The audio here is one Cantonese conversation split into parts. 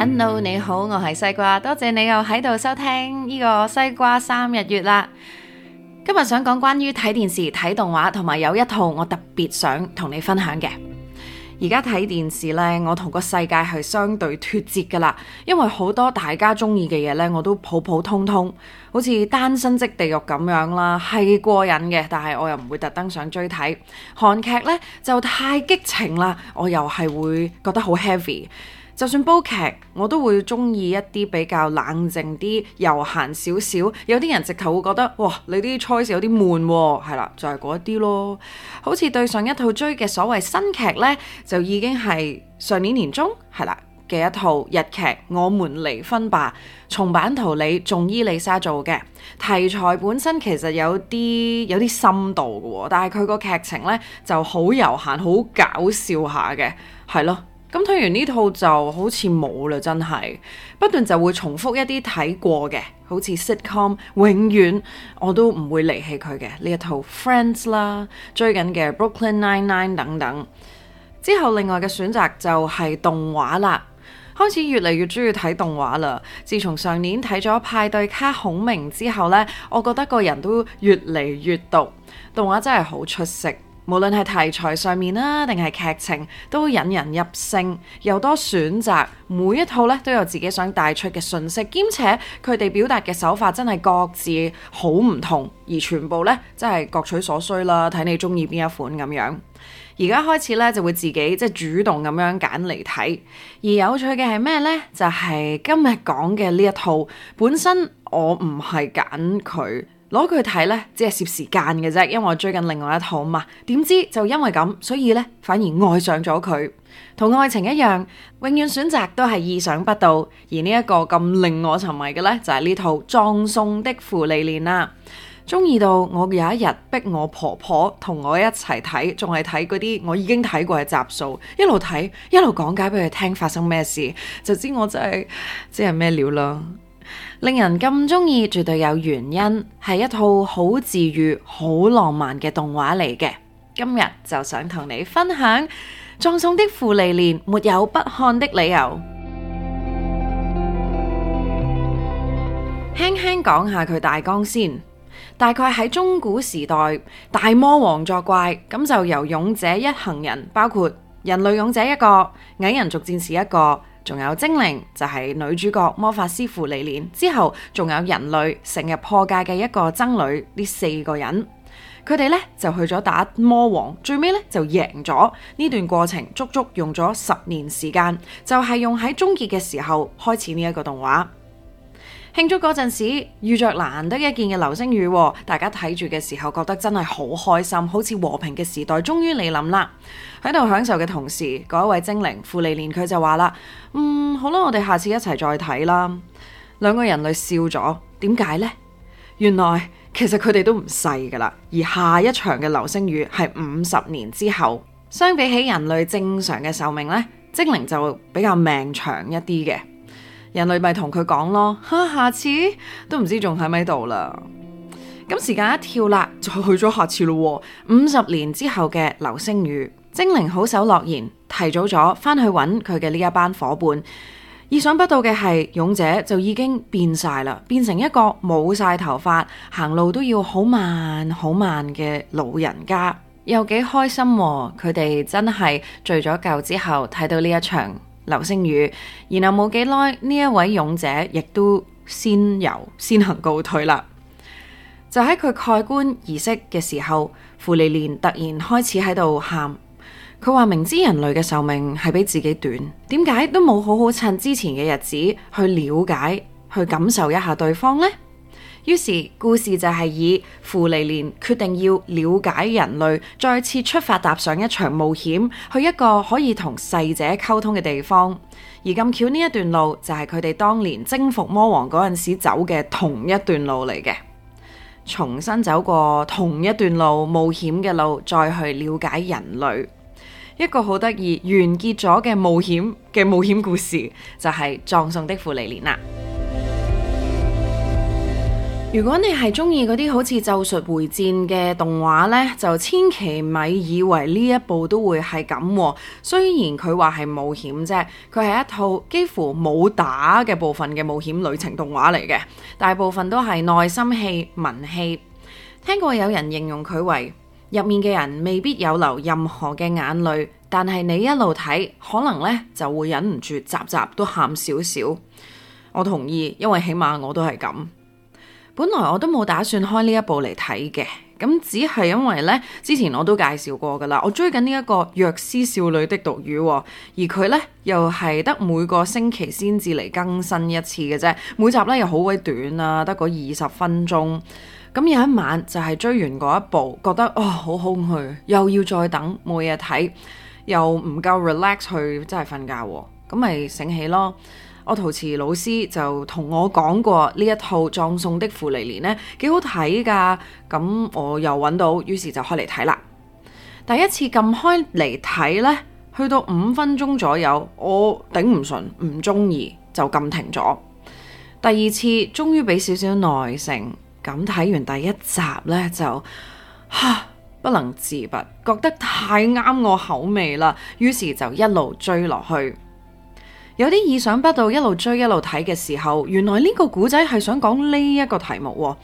Hello，你好，我係西瓜，多謝你又喺度收聽呢個西瓜三日月啦。今日想講關於睇電視、睇動畫，同埋有一套我特別想同你分享嘅。而家睇電視呢，我同個世界係相對脫節噶啦，因為好多大家中意嘅嘢呢，我都普普通通，好似《單身即地獄》咁樣啦，係過癮嘅，但係我又唔會特登上追睇。韓劇呢，就太激情啦，我又係會覺得好 heavy。就算煲劇，我都會中意一啲比較冷靜啲、遊閒少少。有啲人直頭會覺得，哇！你啲 choice 有啲悶、哦，係啦，就係嗰啲咯。好似對上一套追嘅所謂新劇呢，就已經係上年年中係啦嘅一套日劇《我們離婚吧》，松坂桃李、仲里依紗做嘅題材本身其實有啲有啲深度嘅、哦，但係佢個劇情呢，就好遊閒、好搞笑下嘅，係咯。咁睇完呢套就好似冇啦，真係不斷就會重複一啲睇過嘅，好似 sitcom，永遠我都唔會離棄佢嘅呢一套 Friends 啦，追緊嘅 Brooklyn Nine Nine 等等。之後另外嘅選擇就係動畫啦，開始越嚟越中意睇動畫啦。自從上年睇咗派對卡孔明之後呢，我覺得個人都越嚟越毒。動畫真係好出色。無論係題材上面啦，定係劇情，都引人入勝，又多選擇，每一套咧都有自己想帶出嘅信息，兼且佢哋表達嘅手法真係各自好唔同，而全部咧真係各取所需啦，睇你中意邊一款咁樣。而家開始咧就會自己即係主動咁樣揀嚟睇，而有趣嘅係咩呢？就係今日講嘅呢一套，本身我唔係揀佢。攞佢睇呢，只係攝時間嘅啫，因為我追緊另外一套嘛，點知就因為咁，所以呢，反而愛上咗佢。同愛情一樣，永遠選擇都係意想不到。而呢一個咁令我沉迷嘅呢，就係呢套《葬送的芙莉蓮》啦。中意到我有一日逼我婆婆同我一齊睇，仲係睇嗰啲我已經睇過嘅集數，一路睇一路講解俾佢聽發生咩事，就知我真係即係咩料啦。令人咁鍾意，絕對有原因，係一套好治愈、好浪漫嘅動畫嚟嘅。今日就想同你分享《葬送的芙莉蓮》，沒有不看的理由。 輕輕講下佢大綱先，大概喺中古時代，大魔王作怪，咁就由勇者一行人，包括人類勇者一個、矮人族戰士一個。仲有精靈就係、是、女主角魔法師芙莉蓮。之後仲有人類，成日破戒嘅一個僧侶。呢四個人佢哋咧就去咗打魔王，最尾咧就贏咗。呢段過程足足用咗十年時間，就係、是、用喺終結嘅時候開始呢一個動畫。慶祝嗰陣時遇着難得一見嘅流星雨，哦，大家睇住嘅時候覺得真係好開心，好似和平嘅時代終於嚟臨啦。喺度享受嘅同時，嗰一位精靈芙莉蓮佢就話啦：嗯，好啦，我哋下次一齊再睇啦。兩個人類笑咗，點解呢？原來其實佢哋都唔細噶啦，而下一場嘅流星雨係五十年之後。相比起人類正常嘅壽命呢，精靈就比較命長一啲嘅。人類咪同佢講咯，吓、啊，下次都唔知仲喺咪度啦。咁時間一跳啦，就去咗下次咯、哦。五十年之後嘅流星雨，精靈好守諾言，提早咗翻去揾佢嘅呢一班伙伴。意想不到嘅係，勇者就已經變晒啦，變成一個冇晒頭髮、行路都要好慢好慢嘅老人家。又幾開心、哦，佢哋真係醉咗夠之後睇到呢一場。流星雨，然後冇幾耐呢一位勇者亦都先由先行告退啦。就喺佢蓋棺儀式嘅時候，芙莉蓮突然開始喺度喊，佢話明知人類嘅壽命係比自己短，點解都冇好好趁之前嘅日子去了解、去感受一下對方呢？於是故事就係以芙莉蓮決定要了解人類，再次出發踏上一場冒險，去一個可以同逝者溝通嘅地方。而咁巧呢一段路就係佢哋當年征服魔王嗰陣時走嘅同一段路嚟嘅，重新走過同一段路冒險嘅路，再去了解人類。一個好得意完結咗嘅冒險嘅冒險故事，就係、是啊《葬送的芙莉蓮》啦。如果你係中意嗰啲好似咒術回戰嘅動畫呢，就千祈咪以為呢一部都會係咁喎。雖然佢話係冒險啫，佢係一套幾乎冇打嘅部分嘅冒險旅程動畫嚟嘅，大部分都係內心戲、文戲。聽過有人形容佢為入面嘅人未必有流任何嘅眼淚，但係你一路睇可能呢就會忍唔住集集都喊少少。我同意，因為起碼我都係咁。本來我都冇打算開呢一部嚟睇嘅，咁只係因為呢之前我都介紹過噶啦，我追緊呢一個《藥師少女的獨語》，而佢呢又係得每個星期先至嚟更新一次嘅啫，每集呢又好鬼短啊，得嗰二十分鐘。咁有一晚就係、是、追完嗰一部，覺得哦，好空虛，又要再等冇嘢睇，又唔夠 relax 去真係瞓覺，咁咪醒起咯。我陶瓷老師就同我講過呢一套《葬送的芙莉蓮》呢幾好睇㗎，咁我又揾到，於是就開嚟睇啦。第一次撳開嚟睇呢，去到五分鐘左右，我頂唔順，唔中意就撳停咗。第二次終於俾少少耐性，咁睇完第一集呢，就哈不能自拔，覺得太啱我口味啦，於是就一路追落去。有啲意想不到，一路追一路睇嘅時候，原來呢個古仔係想講呢一個題目喎，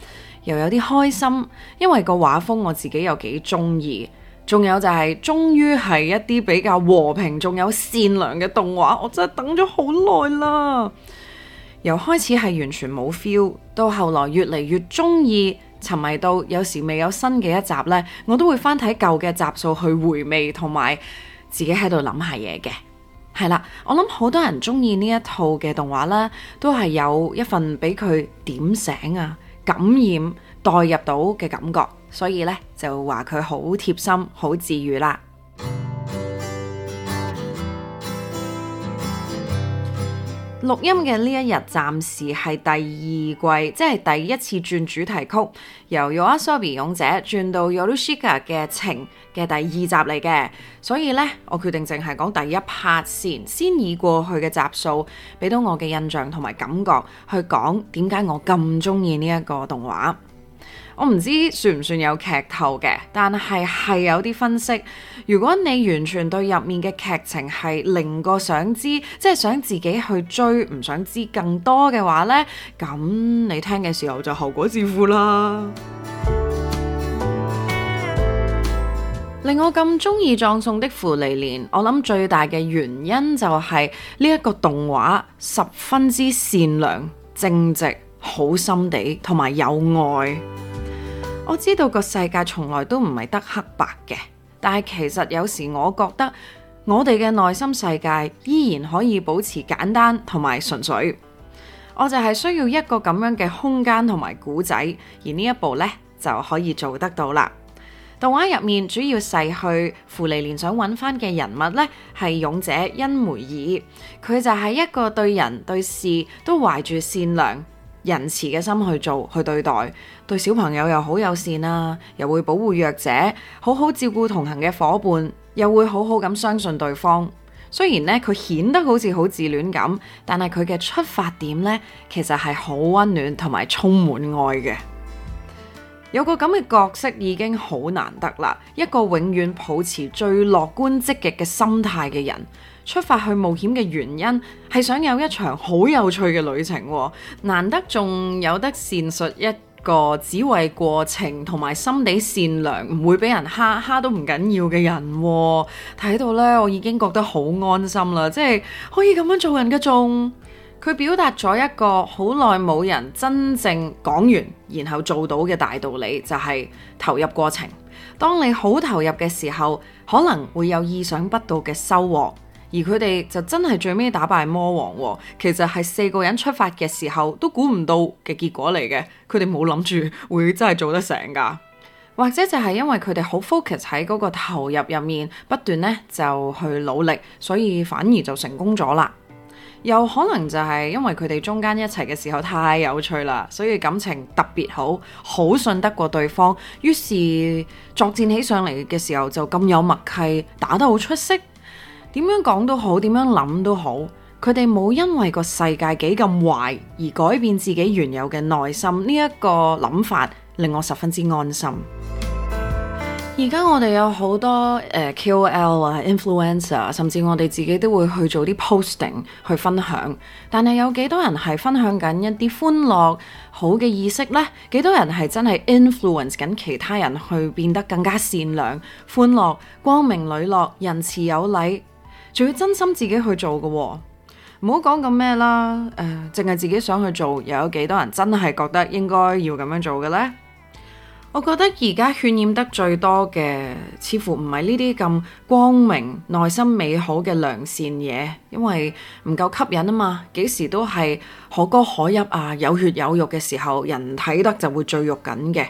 又有啲開心，因為個畫風我自己又幾中意，仲有就係終於係一啲比較和平，仲有善良嘅動畫，我真係等咗好耐啦。由開始係完全冇 feel，到後來越嚟越中意，沉迷到有時未有新嘅一集呢，我都會翻睇舊嘅集數去回味，同埋自己喺度諗下嘢嘅。係啦，我諗好多人中意呢一套嘅動畫啦，都係有一份俾佢點醒啊、感染、代入到嘅感覺，所以咧就話佢好貼心、好治愈啦。錄音嘅呢一日暫時係第二季，即係第一次轉主題曲，由 YOASOBI《勇者》轉到 Yorushika 嘅情嘅第二集嚟嘅，所以呢，我決定淨係講第一拍先，先以過去嘅集數，俾到我嘅印象同埋感覺去講點解我咁中意呢一個動畫。我唔知算唔算有劇透嘅，但係係有啲分析。如果你完全對入面嘅劇情係零個想知，即係想自己去追，唔想知更多嘅話呢，咁你聽嘅時候就後果自負啦。 令我咁鍾意葬送的芙莉蓮，我諗最大嘅原因就係呢一個動畫十分之善良、正直、好心地同埋有，有愛。我知道個世界從來都唔係得黑白嘅，但係其實有時我覺得我哋嘅內心世界依然可以保持簡單同埋純粹。我就係需要一個咁樣嘅空間同埋故仔，而一部呢一部呢就可以做得到啦。動畫入面主要逝去芙莉蓮想揾翻嘅人物呢，係勇者欣梅爾，佢就係一個對人對事都懷住善良仁慈嘅心去做，去對待，對小朋友又好友善啊，又會保護弱者，好好照顧同行嘅夥伴，又會好好咁相信對方。雖然咧佢顯得好似好自戀咁，但係佢嘅出發點咧，其實係好溫暖同埋充滿愛嘅。有個咁嘅角色已經好難得啦，一個永遠抱持最樂觀積極嘅心態嘅人。出發去冒險嘅原因係想有一場好有趣嘅旅程喎，難得仲有得善述一個只為過程同埋心地善良，唔會俾人蝦蝦都唔緊要嘅人喎。睇到咧，我已經覺得好安心啦，即係可以咁樣做人嘅。仲佢表達咗一個好耐冇人真正講完然後做到嘅大道理，就係、是、投入過程。當你好投入嘅時候，可能會有意想不到嘅收穫。而佢哋就真係最尾打敗魔王喎，其實係四個人出發嘅時候都估唔到嘅結果嚟嘅。佢哋冇諗住會真係做得成噶，或者就係因為佢哋好 focus 喺嗰個投入入面，不斷呢就去努力，所以反而就成功咗啦。又可能就係因為佢哋中間一齊嘅時候太有趣啦，所以感情特別好，好信得過對方，於是作戰起上嚟嘅時候就咁有默契，打得好出色。點樣講都好，點樣諗都好，佢哋冇因為個世界幾咁壞而改變自己原有嘅內心，呢一個諗法令我十分之安心。而家 我哋有好多誒 KOL 啊、uh, uh, influencer，甚至我哋自己都會去做啲 posting 去分享。但係有幾多人係分享緊一啲歡樂好嘅意識呢？幾多人係真係 influence 緊其他人去變得更加善良、歡樂、光明磊落、仁慈有禮？仲要真心自己去做嘅、哦，唔好講咁咩啦，誒、呃，淨係自己想去做，又有幾多人真係覺得應該要咁樣做嘅呢？我覺得而家渲染得最多嘅，似乎唔係呢啲咁光明、內心美好嘅良善嘢，因為唔夠吸引啊嘛。幾時都係可歌可泣啊，有血有肉嘅時候，人睇得就會最肉緊嘅。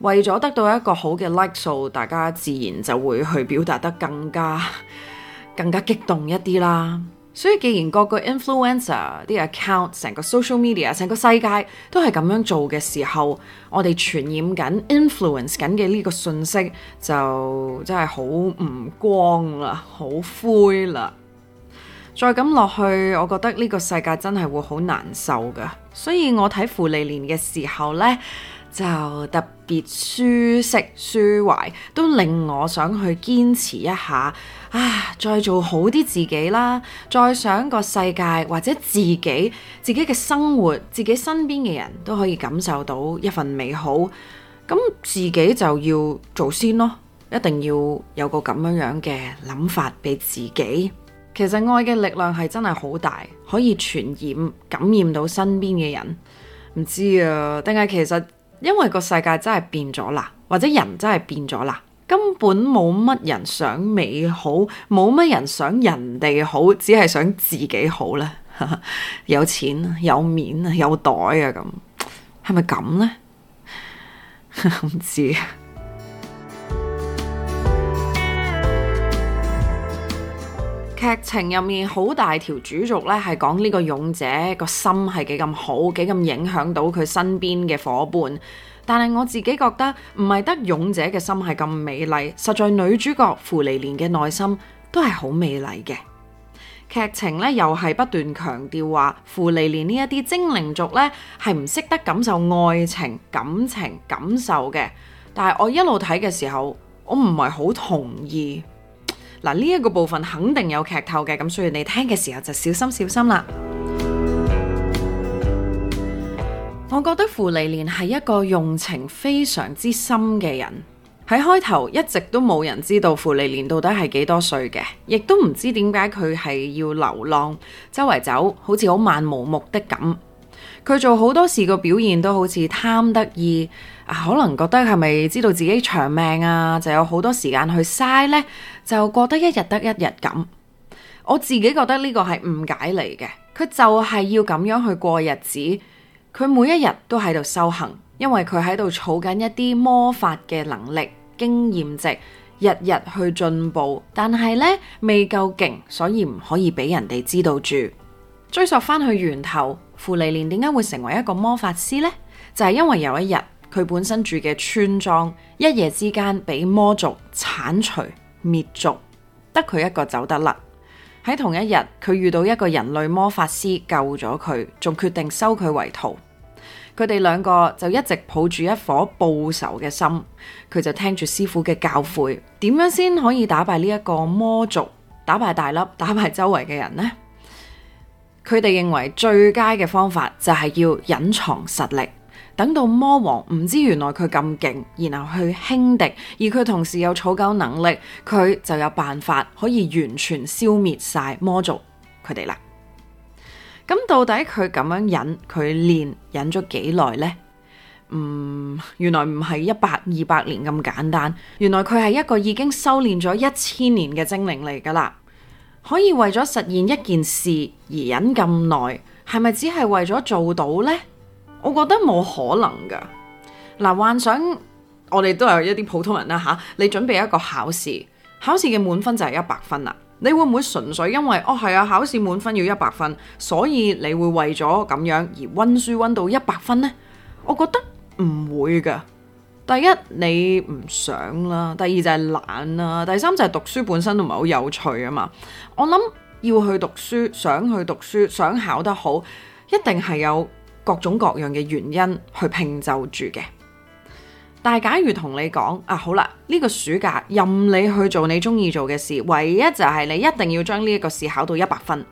為咗得到一個好嘅 like 數，大家自然就會去表達得更加。更加激動一啲啦，所以既然各個 influencer 啲 account、成個 social media、成個世界都係咁樣做嘅時候，我哋傳染緊 influence 緊嘅呢個信息就真係好唔光啦，好灰啦。再咁落去，我覺得呢個世界真係會好難受噶。所以我睇芙莉蓮嘅時候呢，就特別舒適舒懷，都令我想去堅持一下啊！再做好啲自己啦，再想個世界或者自己、自己嘅生活、自己身邊嘅人都可以感受到一份美好，咁自己就要做先咯，一定要有個咁樣樣嘅諗法俾自己。其實愛嘅力量係真係好大，可以傳染感染到身邊嘅人。唔知啊，定係其實？因為個世界真係變咗啦，或者人真係變咗啦，根本冇乜人想美好，冇乜人想人哋好，只係想自己好啦。 有錢啊，有面啊，有袋啊，咁係咪咁呢？唔 不知道。 劇情入面好大條主軸咧，係講呢個勇者個心係幾咁好，幾咁影響到佢身邊嘅伙伴。但係我自己覺得唔係得勇者嘅心係咁美麗，實在女主角芙莉蓮嘅內心都係好美麗嘅。劇情咧又係不斷強調話芙莉蓮呢一啲精靈族咧係唔識得感受愛情、感情、感受嘅。但係我一路睇嘅時候，我唔係好同意。嗱，呢一個部分肯定有劇透嘅，咁所以你聽嘅時候就小心小心啦。 我覺得芙莉蓮係一個用情非常之深嘅人，喺開頭一直都冇人知道芙莉蓮到底係幾多歲嘅，亦都唔知點解佢係要流浪周圍走，好似好漫無目的咁。佢做好多事個表現都好似貪得意，可能覺得係咪知道自己長命啊，就有好多時間去嘥呢。就過得一日得一日咁，我自己覺得呢個係誤解嚟嘅。佢就係要咁樣去過日子，佢每一日都喺度修行，因為佢喺度儲緊一啲魔法嘅能力經驗值，日日去進步。但係呢，未夠勁，所以唔可以俾人哋知道住。追溯返去源頭，芙莉蓮點解會成為一個魔法師呢？就係因為有一日佢本身住嘅村莊一夜之間俾魔族剷除。滅族，得佢一個走得甩。喺同一日，佢遇到一個人類魔法師救咗佢，仲決定收佢為徒。佢哋兩個就一直抱住一顆報仇嘅心，佢就聽住師傅嘅教誨，點樣先可以打敗呢一個魔族，打敗大粒，打敗周圍嘅人呢？佢哋認為最佳嘅方法就係要隱藏實力。等到魔王唔知原來佢咁勁，然後去輕敵，而佢同時有儲夠能力，佢就有辦法可以完全消滅晒魔族佢哋啦。咁、嗯、到底佢咁樣忍，佢練忍咗幾耐呢？嗯，原來唔係一百、二百年咁簡單，原來佢係一個已經修煉咗一千年嘅精靈嚟噶啦，可以為咗實現一件事而忍咁耐，係咪只係為咗做到呢？我覺得冇可能噶，嗱、啊、幻想我哋都係一啲普通人啦吓，你準備一個考試，考試嘅滿分就係一百分啦、啊，你會唔會純粹因為哦係啊考試滿分要一百分，所以你會為咗咁樣而溫書溫到一百分呢？我覺得唔會噶，第一你唔想啦，第二就係懶啦，第三就係讀書本身都唔係好有趣啊嘛。我諗要去讀書，想去讀書，想考得好，一定係有。各種各樣嘅原因，去拼湊住嘅，但係假如同你講啊，好啦，呢個暑假任你去做你中意做嘅事，唯一就係你一定要將呢一個試，考到一百分，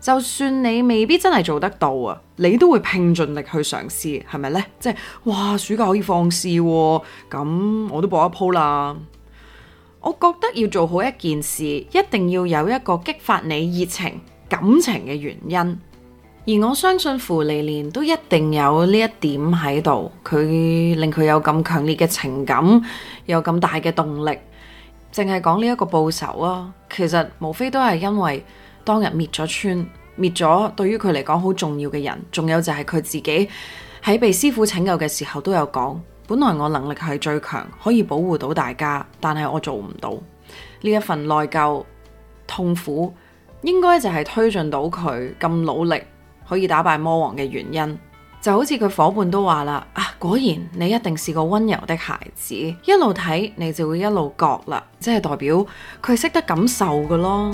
就算你未必真係做得到啊，你都會拼盡力去嘗試，係咪呢？即係哇，暑假可以放肆喎，咁我都搏一鋪啦。我覺得要做好一件事，一定要有一個激發你熱情、感情嘅原因。而我相信芙莉蓮都一定有呢一點喺度，佢令佢有咁強烈嘅情感，有咁大嘅動力。淨係講呢一個報仇啊，其實無非都係因為當日滅咗村，滅咗對於佢嚟講好重要嘅人，仲有就係佢自己喺被師父拯救嘅時候都有講，本來我能力係最強，可以保護到大家，但係我做唔到呢一份內疚、痛苦，應該就係推進到佢咁努力。可以打敗魔王嘅原因，就好似佢伙伴都話啦，啊果然你一定是個温柔的孩子，一路睇你就會一路覺啦，即係代表佢識得感受嘅咯。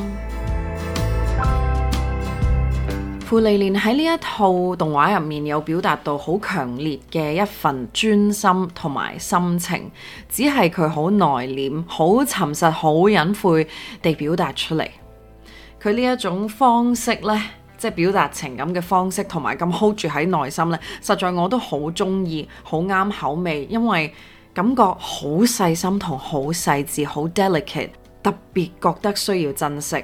芙莉蓮喺呢一套動畫入面，有表達到好強烈嘅一份專心同埋心情，只係佢好內斂、好沉實、好隱晦地表達出嚟。佢呢一種方式呢。即係表達情感嘅方式，同埋咁 hold 住喺內心咧，實在我都好中意，好啱口味，因為感覺好細心同好細緻，好 delicate，特別覺得需要珍惜。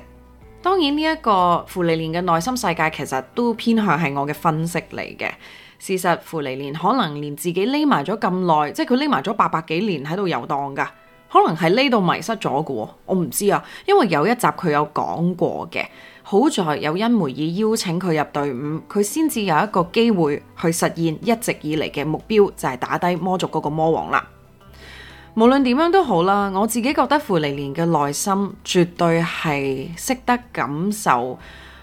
當然呢一個芙莉蓮嘅內心世界其實都偏向係我嘅分析嚟嘅。事實芙莉蓮可能連自己匿埋咗咁耐，即係佢匿埋咗八百幾年喺度遊蕩㗎，可能係匿到迷失咗嘅喎，我唔知啊，因為有一集佢有講過嘅。好在有恩梅爾邀請佢入隊伍，佢先至有一個機會去實現一直以嚟嘅目標，就係打低魔族嗰個魔王啦。無論點樣都好啦，我自己覺得芙莉蓮嘅內心絕對係識得感受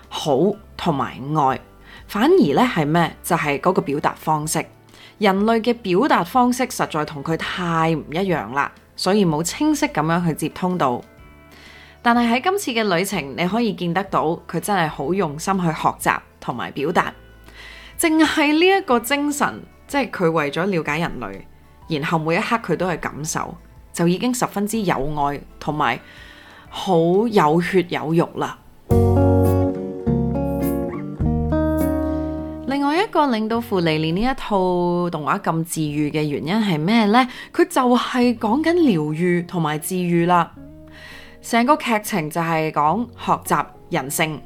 好同埋愛，反而咧係咩？就係嗰個表達方式，人類嘅表達方式實在同佢太唔一樣啦，所以冇清晰咁樣去接通到。但係喺今次嘅旅程，你可以見得到佢真係好用心去學習同埋表達，淨係呢一個精神，即係佢為咗了，了解人類，然後每一刻佢都係感受，就已經十分之有愛同埋好有血有肉啦。 另外一個令到芙莉蓮呢一套動畫咁治愈嘅原因係咩呢？佢就係講緊療癒同埋治愈啦。成個劇情就係講學習人性、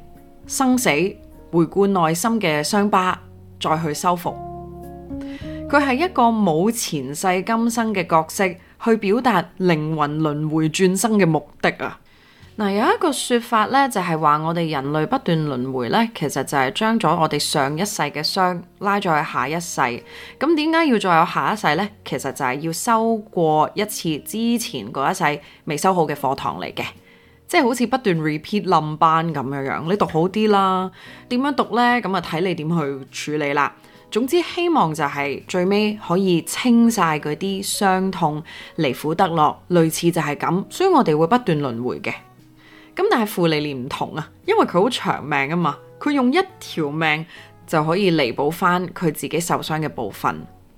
生死，回顧內心嘅傷疤，再去修復。佢係一個冇前世今生嘅角色，去表達靈魂輪回轉生嘅目的啊！嗱、呃，有一個説法咧，就係、是、話我哋人類不斷輪迴咧，其實就係將咗我哋上一世嘅傷拉咗去下一世。咁點解要再有下一世咧？其實就係要修過一次之前嗰一世未修好嘅課堂嚟嘅，即係好似不斷 repeat 冧班咁樣樣。你讀好啲啦，點樣讀咧？咁啊睇你點去處理啦。總之希望就係最尾可以清晒嗰啲傷痛，離苦得樂。類似就係咁，所以我哋會不斷輪迴嘅。咁但係芙莉蓮唔同啊，因為佢好長命啊嘛，佢用一條命就可以彌補翻佢自己受傷嘅部分。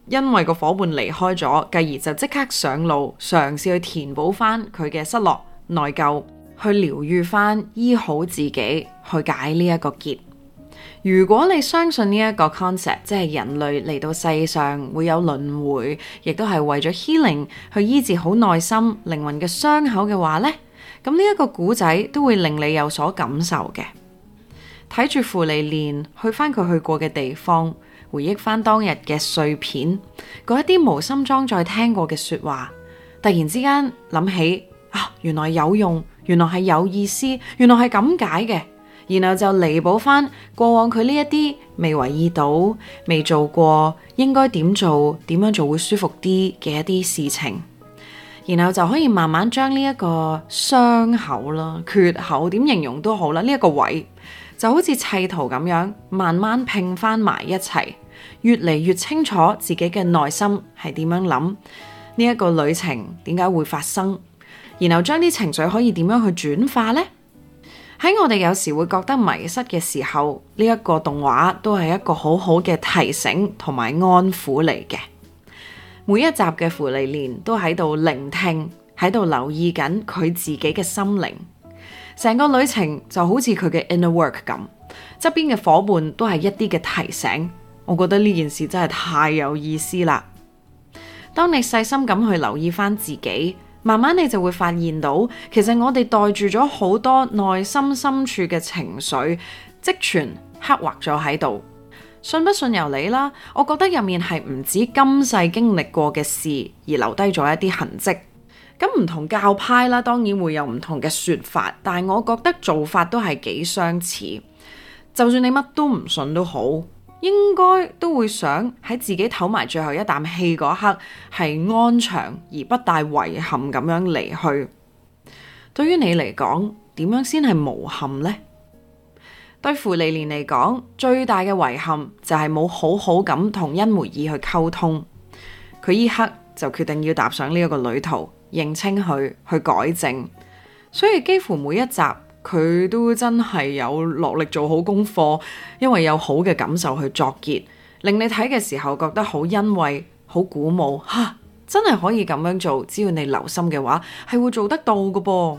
因為個夥伴離開咗，繼而就即刻上路嘗試去填補翻佢嘅失落、內疚，去療愈翻、醫好自己，去解呢一個結。如果你相信呢一個 concept，即係人類嚟到世上會有輪迴，亦都係為咗 healing 去醫治好內心靈魂嘅傷口嘅話呢。.咁呢一個古仔都會令你有所感受嘅，睇住芙莉蓮去翻佢去過嘅地方，回憶翻當日嘅碎片，嗰一啲無心裝載聽過嘅說話，突然之間諗起啊，原來有用，原來係有意思，原來係咁解嘅，然後就彌補翻過往佢呢一啲未留意到、未做過、應該點做、點樣做會舒服啲嘅一啲事情。然後就可以慢慢將呢一個傷口啦、缺口點形容都好啦，呢一個位就好似砌圖咁樣，慢慢拼翻埋一齊，越嚟越清楚自己嘅內心係點樣諗。呢一個旅程點解會發生？然後將啲情緒可以點樣去轉化呢？喺我哋有時會覺得迷失嘅時候，呢一個動畫都係一個好好嘅提醒同埋安撫嚟嘅。每一集嘅芙莉蓮都喺度聆聽，喺度留意緊佢自己嘅心靈，成個旅程就好似佢嘅 inner work 咁。側邊嘅夥伴都係一啲嘅提醒，我覺得呢件事真係太有意思啦。當你細心咁去留意返自己，慢慢你就會發現到，其實我哋袋住咗好多內心深處嘅情緒，積存刻劃咗喺度。信不信由你啦，我覺得入面係唔止今世經歷過嘅事而留低咗一啲痕跡，咁唔同教派啦，當然會有唔同嘅說法，但係我覺得做法都係幾相似。就算你乜都唔信都好，應該都會想喺自己唞埋最後一啖氣嗰刻係安詳而不帶遺憾咁樣離去。對於你嚟講，點樣先係無憾呢？對芙莉蓮嚟講，最大嘅遺憾就係冇好好咁同欣梅爾去溝通。佢呢刻就決定要踏上呢一個旅途，認清佢，去改正。所以幾乎每一集佢都真係有落力做好功課，因為有好嘅感受去作結，令你睇嘅時候覺得好欣慰、好鼓舞。吓、啊，真係可以咁樣做，只要你留心嘅話，係會做得到嘅噃。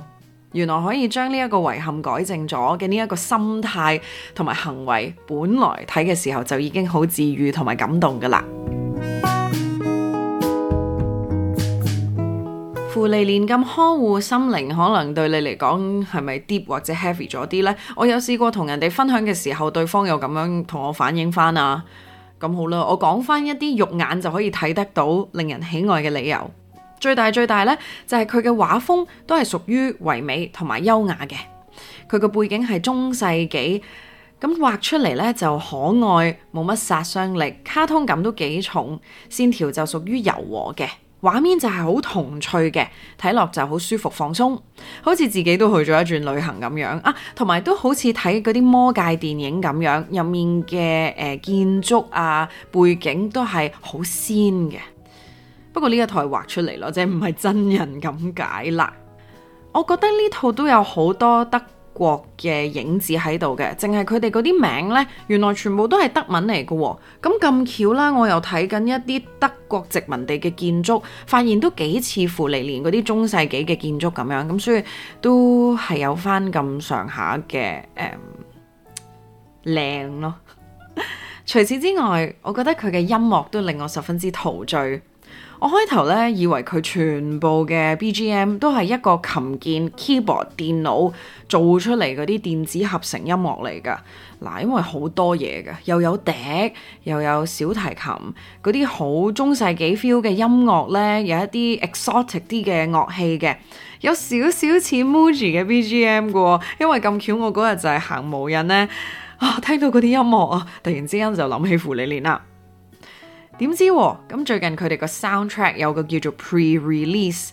原來可以將呢一個遺憾改正咗嘅呢一個心態同埋行為，本來睇嘅時候就已經好治愈同埋感動噶啦。芙莉蓮咁呵護心靈，可能對你嚟講係咪 deep 或者 heavy 咗啲呢？我有試過同人哋分享嘅時候，對方又咁樣同我反映翻啊。咁、嗯、好啦，我講翻一啲肉眼就可以睇得到令人喜愛嘅理由。最大最大咧，就係佢嘅畫風都係屬於唯美同埋優雅嘅，佢嘅背景係中世紀，咁畫出嚟咧就可愛，冇乜殺傷力，卡通感都幾重，線條就屬於柔和嘅，畫面就係好童趣嘅，睇落就好舒服放鬆，好似自己都去咗一轉旅行咁樣啊，同埋都好似睇嗰啲魔界電影咁樣，入面嘅誒、呃、建築啊背景都係好鮮嘅。不過呢一套畫出嚟咯，即係唔係真人咁解啦。我覺得呢套都有好多德國嘅影子喺度嘅，淨係佢哋嗰啲名呢，原來全部都係德文嚟嘅、哦。咁咁巧啦，我又睇緊一啲德國殖民地嘅建築，發現都幾似芙莉蓮嗰啲中世紀嘅建築咁樣。咁所以都係有翻咁上下嘅誒靚咯。 除此之外，我覺得佢嘅音樂都令我十分之陶醉。我開頭咧以為佢全部嘅 BGM 都係一個琴鍵、keyboard、電腦做出嚟嗰啲電子合成音樂嚟噶，嗱、啊，因為好多嘢嘅，又有笛，又有小提琴，嗰啲好中世紀 feel 嘅音樂咧，有一啲 exotic 啲嘅樂器嘅，有少少似 Muji 嘅 BGM 嘅、哦，因為咁巧我嗰日就係行無人咧，啊，聽到嗰啲音樂啊，突然之間就諗起芙莉蓮啦～點知咁、嗯、最近佢哋個 soundtrack 有個叫做 pre-release，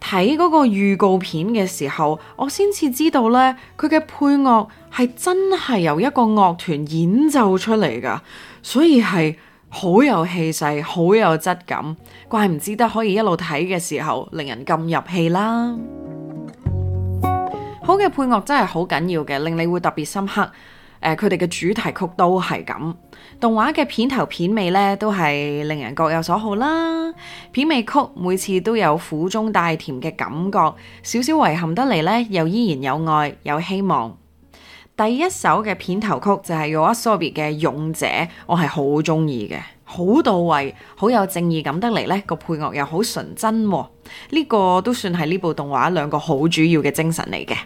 睇嗰個預告片嘅時候，我先至知道呢，佢嘅配樂係真係由一個樂團演奏出嚟噶，所以係好有氣勢、好有質感，怪唔之得可以一路睇嘅時候令人咁入戲啦。好嘅配樂真係好緊要嘅，令你會特別深刻。誒，佢哋嘅主題曲都係咁，動畫嘅片頭片尾呢都係令人各有所好啦。片尾曲每次都有苦中帶甜嘅感覺，少少遺憾得嚟，呢又依然有愛有希望。第一首嘅片頭曲就係《YOASOBI》嘅《勇者》，我係好中意嘅，好到位，好有正義感得嚟，呢個配樂又好純真，喎、呢，呢個都算係呢部動畫兩個好主要嘅精神嚟嘅。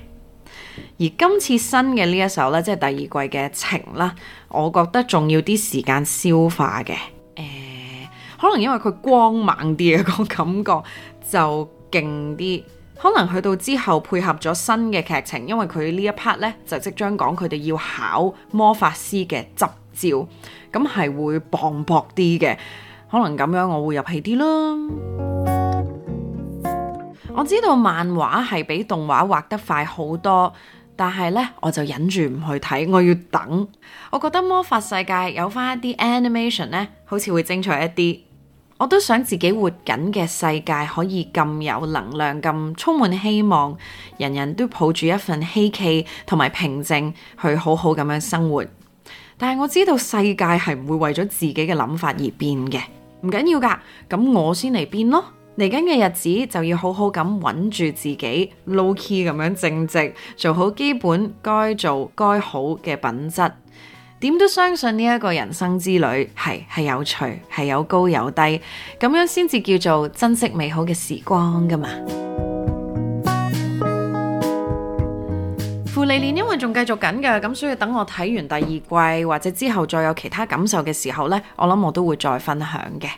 而今次新嘅呢一首呢，即係第二季嘅情啦，我覺得仲要啲時間消化嘅。誒、欸，可能因為佢光猛啲嘅個感覺就勁啲，可能去到之後配合咗新嘅劇情，因為佢呢一 part 呢，就即將講佢哋要考魔法師嘅執照，咁係會磅礴啲嘅，可能咁樣我會入戲啲囉。 我知道漫畫係比動畫畫得快好多。但係咧，我就忍住唔去睇，我要等。我覺得魔法世界有翻一啲 animation 咧，好似會精彩一啲。我都想自己活緊嘅世界可以咁有能量，咁充滿希望，人人都抱住一份希冀同埋平靜去好好咁樣生活。但係我知道世界係唔會為咗自己嘅諗法而變嘅，唔緊要噶，咁我先嚟變咯。嚟緊嘅日子就要好好咁穩住自己，low key 咁樣正直，做好基本該做該好嘅品質。點都相信呢一個人生之旅係係有趣，係有高有低，咁樣先至叫做珍惜美好嘅時光噶嘛。芙莉蓮因為仲繼續緊噶，咁所以等我睇完第二季或者之後再有其他感受嘅時候呢，我諗我都會再分享嘅。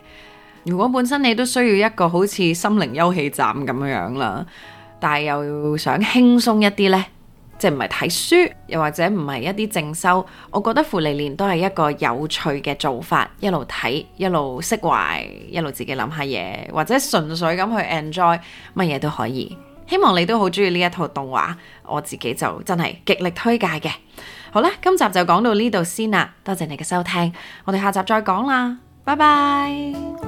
如果本身你都需要一個好似心靈休憩站咁樣樣啦，但係又想輕鬆一啲呢，即係唔係睇書，又或者唔係一啲正修，我覺得芙莉蓮都係一個有趣嘅做法，一路睇，一路釋懷，一路自己諗下嘢，或者純粹咁去 enjoy，乜嘢都可以。希望你都好中意呢一套動畫，我自己就真係極力推介嘅。好啦，今集就講到呢度先啦，多謝你嘅收聽，我哋下集再講啦，拜拜。